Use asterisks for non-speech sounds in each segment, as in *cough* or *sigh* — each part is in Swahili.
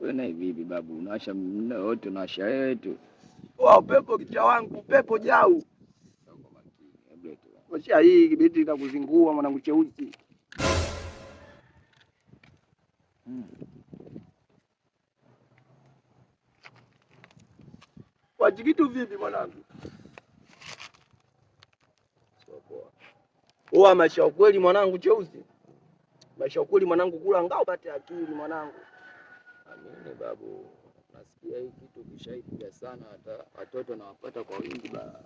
Wewe naye vipi babu? Unawasha mna wote unawasha wewe tu. Wao pepo kichwa wangu, pepo jau. Washa hii kibeti itakuzingua mwanangu cheusi. Hmm. Wajikitu vipi mwanangu? Uwa maisha ukweli mwanangu cheusi. Maisha ukweli mwanangu kula ngao pate akili mwanangu. Amini babu, nasikia hii kitu kishaipiga sana, hata watoto nawapata kwa wingi ba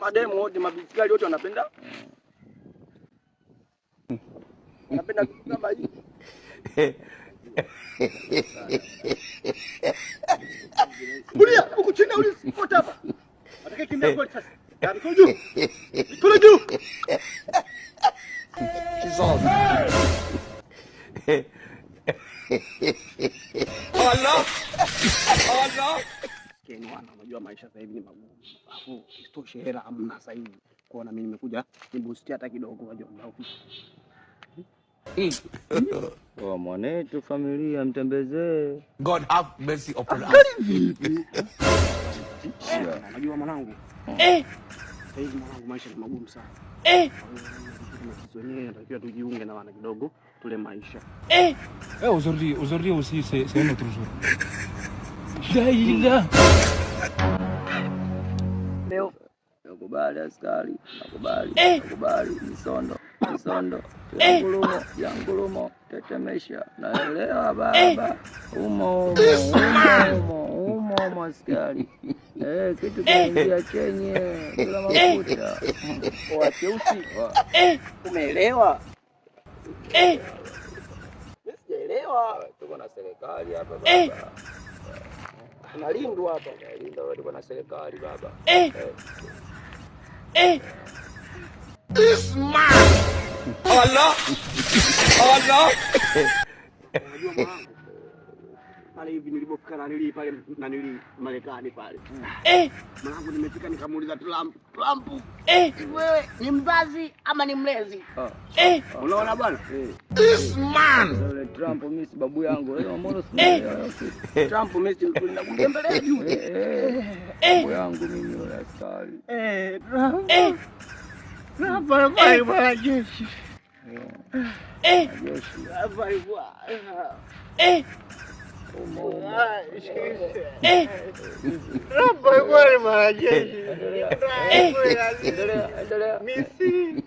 mademu wote mabisikali wote wanapenda hmm. wanapenda kitu kama hii Kulia huku chini au hapa. Atakaye kimbia kwa sasa. Ndio juu. Ndio juu. Kizazi. Allah Allah maisha sasa hivi ni magumu, alafu isitoshe hela hamna sasa hivi. Kwa na mimi nimekuja nibusti hata kidogo, wajomba huku hmm. mwanetu, familia mtembezee. God have mercy upon us. Eh, unajua mwanangu, eh, sasa hivi mwanangu, maisha ni magumu sana eh tujue sisi wenyewe inatakiwa tujiunge na wana kidogo tule maisha eh eh aujourd'hui aujourd'hui aussi c'est c'est un autre Jaila leo nakubali askari nakubali eh! nakubali misondo misondo *laughs* eh! yangurumo yangurumo tetemesha naelewa eh! baba umo umo Koma askari *laughs* eh, kitu eh! kinaingia chenye bila eh! mafuta wacheusi. Eh! Umeelewa? Eh, sijaelewa. Tuko na serikali hapa baba, tunalindwa hapa, tunalindwa, tuko na serikali baba. Eh, eh, this man Allah Allah pale hivi nilipofika nanili pale nanili Marekani pale eh, mwanangu nimefika nikamuuliza Trump, Trump eh, wewe ni mzazi ama ni mlezi? Oh. Eh, unaona bwana eh. This man Ole eh, Trump mimi si babu yangu wewe Amoro si eh! eh. Trump mimi si nakutembelea juu eh. eh, babu yangu mimi wala sali eh, Trump eh, Trump bwana bwana jeshi eh, jeshi bwana bwana eh Eh. Eh. Misri